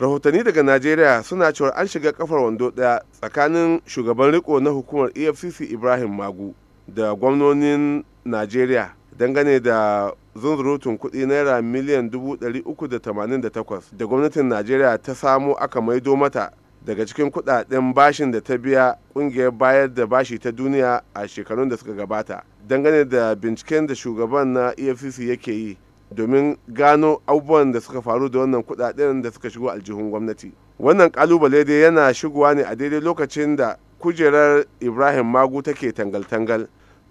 rahotanni daga najeriya suna cewa an shiga kafar wando daya tsakanin shugaban riko na hukumar efcc ibrahim magu da gwamnonin najeriya dangane da zunzurutun kudi naira miliyan 388 da gwamnatin najeriya ta samo aka maido mata daga cikin kudaden bashin da ta biya kungiyar bayar da bashi ta duniya a shekarun da suka gabata dangane da binciken da shugaban na efcc yake yi domin gano abubuwan da suka faru da wannan kudaden da suka shigo aljihun gwamnati wannan kalubale dai yana shigowa ne a daidai lokacin da kujerar ibrahim magu take tangal-tangal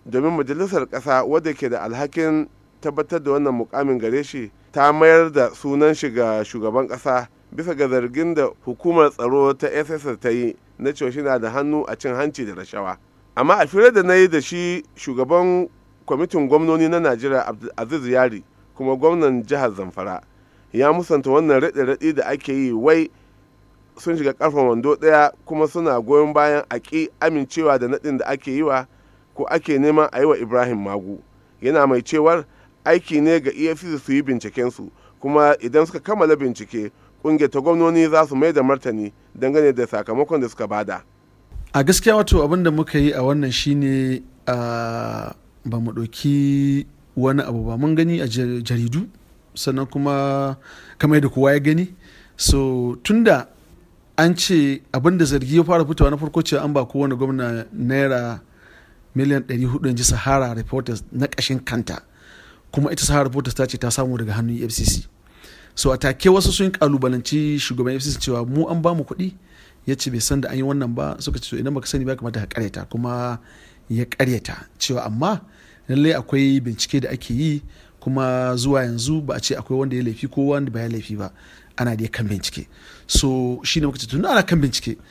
domin majalisar ƙasa wadda ke da alhakin tabbatar da wannan mukamin gare shi ta mayar da sunan shi ga shugaban ƙasa bisa ga zargin da hukumar tsaro ta sss ta yi na cewa shi na da hannu a cin hanci da rashawa amma a fira da na yi da shi shugaban kwamitin gwamnoni na najeriya abdulaziz yari kuma gwamnan jihar zamfara ya musanta wannan raɗe-raɗe da ake yi wai sun shiga ƙarfin wando ɗaya kuma suna goyon bayan a ƙi amincewa da naɗin da ake yi wa ko ake neman a yi wa ibrahim magu yana mai cewar aiki ne ga efcc su yi bincikensu kuma idan suka kammala bincike ƙungiyar ta gwamnoni za su mai da martani dangane da sakamakon da suka bada a gaskiya wato abin da muka yi a wannan shine ah, ba mu ɗauki wani abu ba mun gani a jaridu sannan kuma kamar da kowa ya gani so tunda an ce abin da zargi ya fara fitowa na farko cewa an ba kowane gwamna naira miliyan 400 in ji sahara reporters na kashin kanta kuma ita sahara reporters ta ce ta samu daga hannun e fcc so a take wasu sun kalubalanci shugaban e fcc cewa mu an ba mu kuɗi ya ce bai san da an yi wannan ba suka ce idan baka sani ba kamata ka karyata kuma ya karyata cewa amma lallai akwai bincike da ake yi kuma zuwa yanzu ba a ce akwai wanda ya laifi ko wanda ba ya laifi ba ana da kan bincike so shi ne muka ce tun ana kan bincike